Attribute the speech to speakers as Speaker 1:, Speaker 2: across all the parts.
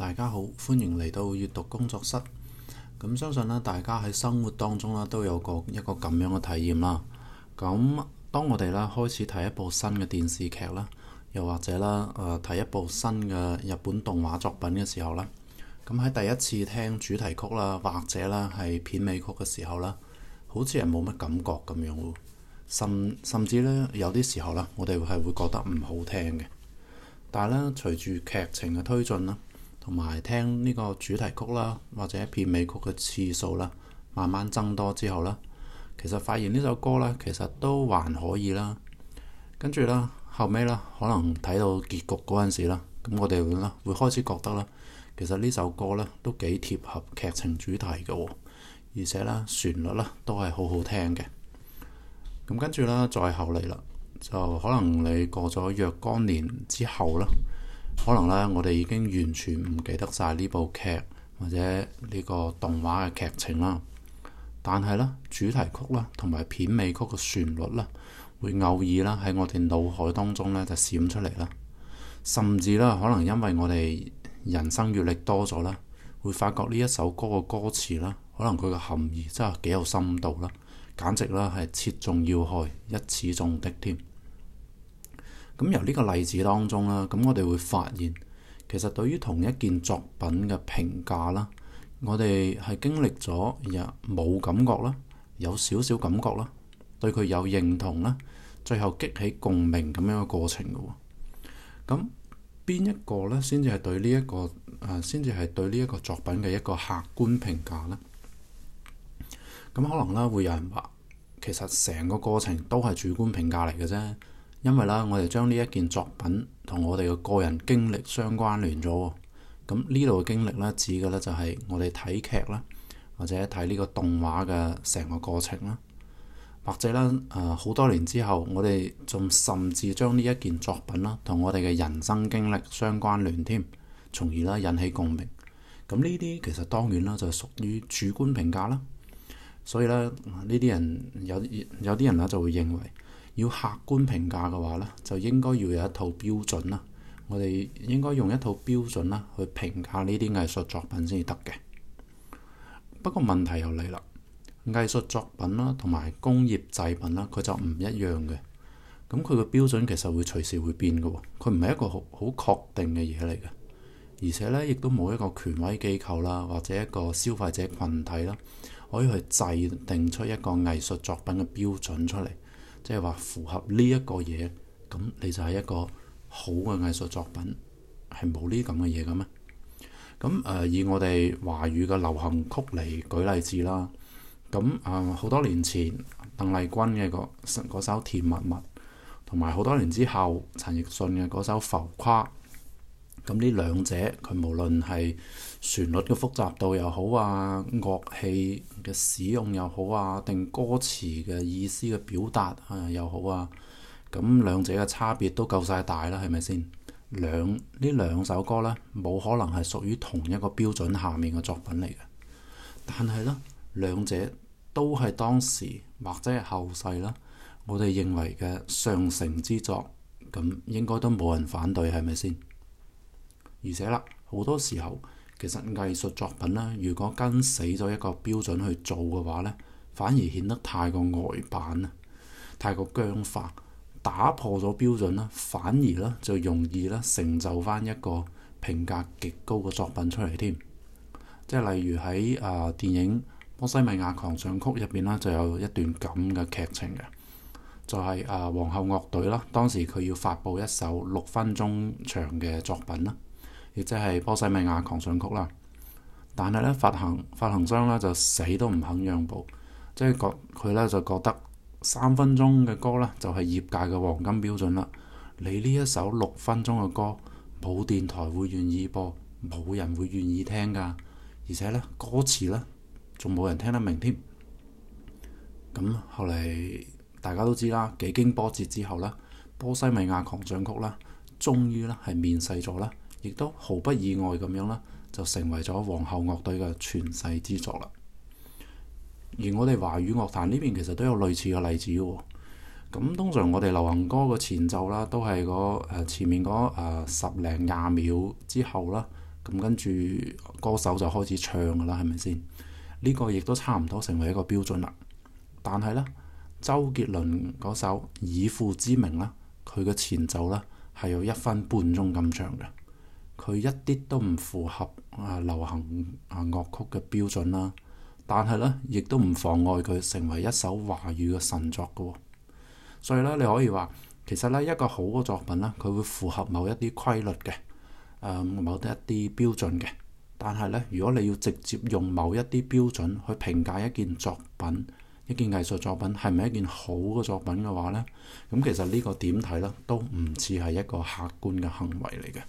Speaker 1: 大家好，歡迎嚟到閱讀工作室。咁相信咧，大家喺生活當中啦，都有過一個咁樣嘅體驗啦。咁當我哋咧開始睇一部新嘅電視劇啦，又或者啦，誒、呃、睇一部新嘅日本動畫作品嘅時候啦，咁喺第一次聽主題曲啦，或者啦係片尾曲嘅時候啦，好似係冇乜感覺咁樣，甚甚至呢，有啲時候啦，我哋係會覺得唔好聽嘅。但係咧，隨住劇情嘅推進啦。同埋聽呢個主題曲啦，或者片尾曲嘅次數啦，慢慢增多之後啦，其實發現呢首歌咧，其實都還可以啦。跟住啦，後尾啦，可能睇到結局嗰陣時啦，咁我哋會啦，會開始覺得啦，其實呢首歌咧都幾貼合劇情主題嘅，而且咧旋律咧都係好好聽嘅。咁跟住啦，再後嚟啦，就可能你過咗若干年之後啦。可能咧，我哋已經完全唔記得晒呢部劇或者呢個動畫嘅劇情啦。但係咧，主題曲啦，同埋片尾曲嘅旋律啦，會偶爾啦喺我哋腦海當中咧就閃出嚟啦。甚至啦，可能因為我哋人生閱歷多咗啦，會發覺呢一首歌嘅歌詞啦，可能佢嘅含義真係幾有深度啦，簡直啦係切中要害，一次中的添。咁由呢個例子當中啦，咁我哋會發現，其實對於同一件作品嘅評價啦，我哋係經歷咗，冇感覺啦，有少少感覺啦，對佢有認同啦，最後激起共鳴咁樣嘅過程嘅。咁邊一個咧，先至係對呢一個誒，先至係對呢一個作品嘅一個客觀評價咧？咁可能咧會有人話，其實成個過程都係主觀評價嚟嘅啫。因為啦，我哋將呢一件作品同我哋嘅個人經歷相關聯咗，咁呢度嘅經歷咧指嘅咧就係我哋睇劇啦，或者睇呢個動畫嘅成個過程啦，或者啦誒好多年之後，我哋仲甚至將呢一件作品啦同我哋嘅人生經歷相關聯添，從而咧引起共鳴。咁呢啲其實當然啦就屬於主觀評價啦，所以咧呢啲人有有啲人咧就會認為。要客觀評價嘅話呢就應該要有一套標準啦。我哋應該用一套標準啦去評價呢啲藝術作品先至得嘅。不過問題又嚟啦，藝術作品啦同埋工業製品啦，佢就唔一樣嘅。咁佢個標準其實會隨時會變嘅，佢唔係一個好好確定嘅嘢嚟嘅。而且呢，亦都冇一個權威機構啦，或者一個消費者群體啦，可以去制定出一個藝術作品嘅標準出嚟。即係話符合呢一個嘢，咁你就係一個好嘅藝術作品，係冇呢咁嘅嘢嘅咩？
Speaker 2: 咁誒、
Speaker 1: 呃，以我哋華語嘅流行曲嚟舉例子啦。咁啊，好、呃、多年前鄧麗君嘅嗰首《甜蜜蜜》，同埋好多年之後陳奕迅嘅嗰首浮《浮誇》。咁呢兩者，佢無論係旋律嘅複雜度又好啊，樂器嘅使用又好啊，定歌詞嘅意思嘅表達啊又好啊，咁兩者嘅差別都夠晒大啦，係咪先？兩呢兩首歌咧，冇可能係屬於同一個標準下面嘅作品嚟嘅，但係咧，兩者都係當時或者係後世啦，我哋認為嘅上乘之作，咁應該都冇人反對，係咪先？而且啦，好多時候其實藝術作品呢，如果跟死咗一個標準去做嘅話呢，反而顯得太過呆板啊，太過僵化。打破咗標準呢，反而呢就容易呢成就翻一個評價極高嘅作品出嚟添。即係例如喺啊、呃、電影《波西米亞狂想曲》入邊呢，就有一段咁嘅劇情嘅，就係、是、啊、呃、皇后樂隊啦，當時佢要發布一首六分鐘長嘅作品啦。即係波西米亞狂想曲啦，但係咧發行發行商咧就死都唔肯讓步，即係覺佢咧就覺得三分鐘嘅歌咧就係、是、業界嘅黃金標準啦。你呢一首六分鐘嘅歌，冇電台會願意播，冇人會願意聽噶。而且咧歌詞咧仲冇人聽得明添。咁後嚟大家都知啦，幾經波折之後咧，波西米亞狂想曲呢終於啦，終於咧係面世咗啦。亦都毫不意外咁樣啦，就成為咗皇后樂隊嘅傳世之作啦。而我哋華語樂壇呢邊其實都有類似嘅例子、哦。咁通常我哋流行歌嘅前奏啦，都係個誒前面嗰誒、呃、十零廿秒之後啦，咁跟住歌手就開始唱噶啦，係咪先？呢個亦都差唔多成為一個標準啦。但係呢，周杰倫嗰首《以父之名》啦，佢嘅前奏咧係有一分半鐘咁長嘅。佢一啲都唔符合啊流行啊樂曲嘅標準啦，但係咧，亦都唔妨礙佢成為一首華語嘅神作嘅。所以咧，你可以話其實咧一個好嘅作品咧，佢會符合某一啲規律嘅誒、呃，某一啲標準嘅。但係咧，如果你要直接用某一啲標準去評價一件作品、一件藝術作品係咪一件好嘅作品嘅話咧，咁其實呢個點睇咧都唔似係一個客觀嘅行為嚟嘅。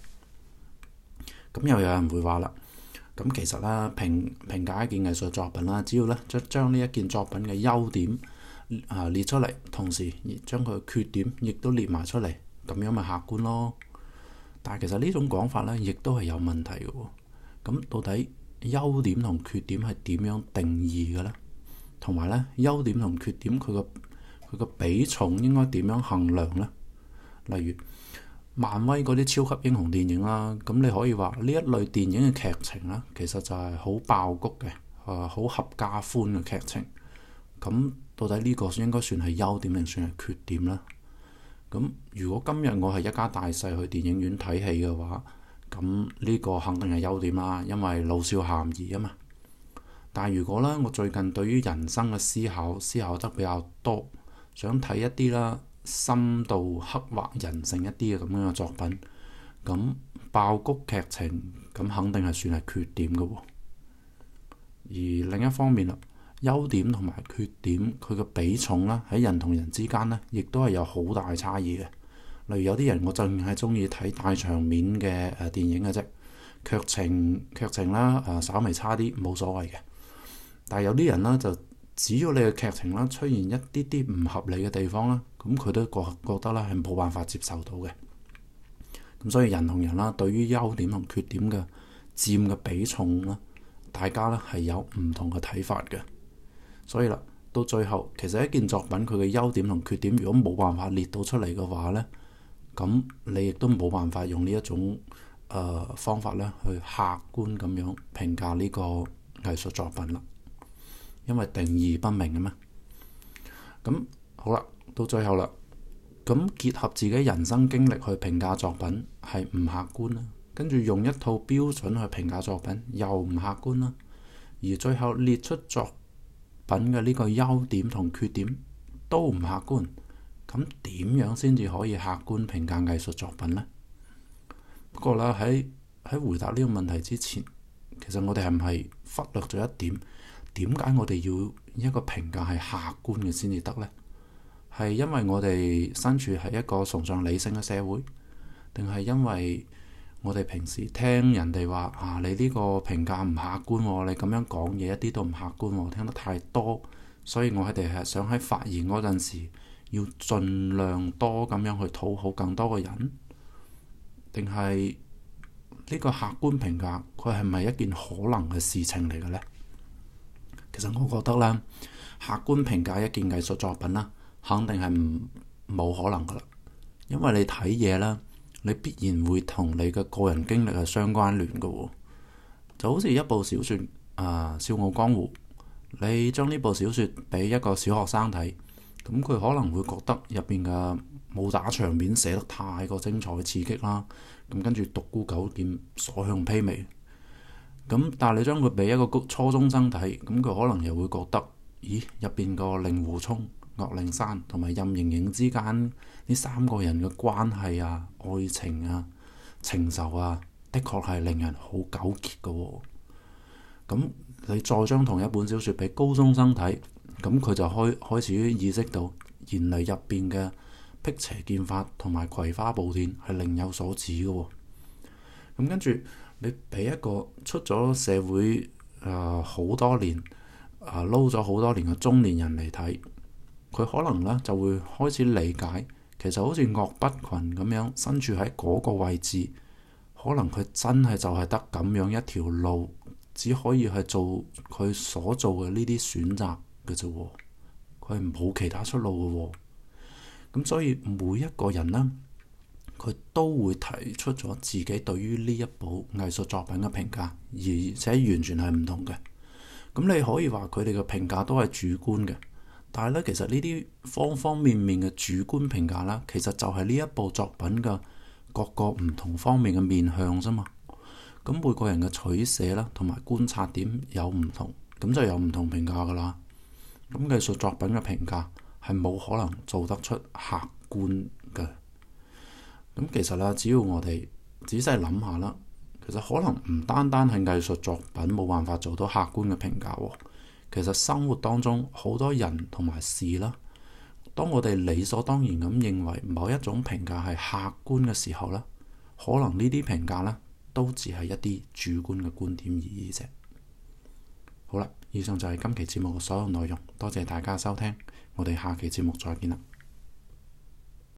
Speaker 1: 咁又有人會話啦，咁其實啦，評評價一件藝術作品啦，只要咧將將呢一件作品嘅優點啊、呃、列出嚟，同時將佢嘅缺點亦都列埋出嚟，咁樣咪客觀咯。但係其實呢種講法咧，亦都係有問題嘅。咁到底優點同缺點係點樣定義嘅咧？同埋咧，優點同缺點佢個佢個比重應該點樣衡量咧？例如，漫威嗰啲超級英雄電影啦，咁你可以話呢一類電影嘅劇情啦，其實就係好爆谷嘅，誒，好合家歡嘅劇情。咁到底呢個應該算係優點定算係缺點呢？咁如果今日我係一家大細去電影院睇戲嘅話，咁呢個肯定係優點啦，因為老少咸宜啊嘛。但如果咧，我最近對於人生嘅思考思考得比較多，想睇一啲啦。深度刻畫人性一啲嘅咁樣嘅作品，咁爆谷劇情咁肯定係算係缺點嘅。而另一方面啦，優點同埋缺點佢嘅比重啦，喺人同人之間呢，亦都係有好大差異嘅。例如有啲人我淨係中意睇大場面嘅誒電影嘅啫，劇情劇情啦誒稍微差啲冇所謂嘅，但係有啲人呢，就。只要你嘅劇情啦出現一啲啲唔合理嘅地方啦，咁佢都覺覺得啦係冇辦法接受到嘅。咁所以人同人啦，對於優點同缺點嘅佔嘅比重啦，大家咧係有唔同嘅睇法嘅。所以啦，到最後其實一件作品佢嘅優點同缺點，如果冇辦法列到出嚟嘅話咧，咁你亦都冇辦法用呢一種誒、呃、方法咧去客觀咁樣評價呢個藝術作品啦。因為定義不明啊嘛，咁好啦，到最後啦，咁結合自己人生經歷去評價作品係唔客觀啦，跟住用一套標準去評價作品又唔客觀啦，而最後列出作品嘅呢個優點同缺點都唔客觀，咁點樣先至可以客觀評價藝術作品呢？不過啦，喺喺回答呢個問題之前，其實我哋係唔係忽略咗一點？點解我哋要一個評價係客觀嘅先至得呢？係因為我哋身處係一個崇尚理性嘅社會，定係因為我哋平時聽人哋話啊，你呢個評價唔客觀，你咁樣講嘢一啲都唔客觀，聽得太多，所以我哋係想喺發言嗰陣時要盡量多咁樣去討好更多嘅人，定係呢個客觀評價佢係咪一件可能嘅事情嚟嘅呢？其實我覺得咧，客觀評價一件藝術作品咧，肯定係唔冇可能噶啦，因為你睇嘢咧，你必然會同你嘅個人經歷係相關聯嘅喎。就好似一部小説，《啊笑傲江湖》，你將呢部小説俾一個小學生睇，咁佢可能會覺得入邊嘅武打場面寫得太過精彩刺激啦，咁跟住獨孤九劍所向披靡。咁，但係你將佢俾一個高初中生睇，咁佢可能又會覺得，咦，入邊個令狐沖、岳靈珊同埋任盈盈之間呢三個人嘅關係啊、愛情啊、情仇啊，的確係令人好糾結嘅哦。咁你再將同一本小說俾高中生睇，咁佢就開開始意識到，原嚟入邊嘅辟邪劍法同埋葵花寶典係另有所指嘅哦。咁跟住。你俾一個出咗社會啊呃、好多年啊撈咗好多年嘅中年人嚟睇，佢可能咧就會開始理解，其實好似岳不群咁樣身處喺嗰個位置，可能佢真係就係得咁樣一條路，只可以係做佢所做嘅呢啲選擇嘅啫喎，佢係冇其他出路嘅喎、哦。咁所以每一個人咧。佢都會提出咗自己對於呢一部藝術作品嘅評價，而且完全係唔同嘅。咁你可以話佢哋嘅評價都係主觀嘅，但係咧，其實呢啲方方面面嘅主觀評價啦，其實就係呢一部作品嘅各個唔同方面嘅面向啫嘛。咁每個人嘅取捨啦，同埋觀察點有唔同，咁就有唔同評價㗎喇。咁藝術作品嘅評價係冇可能做得出客觀。咁其實啦，只要我哋仔細諗下啦，其實可能唔單單係藝術作品冇辦法做到客觀嘅評價，其實生活當中好多人同埋事啦，當我哋理所當然咁認為某一種評價係客觀嘅時候啦，可能呢啲評價呢都只係一啲主觀嘅觀點而已啫。好啦，以上就係今期節目嘅所有內容，多謝大家收聽，我哋下期節目再見啦。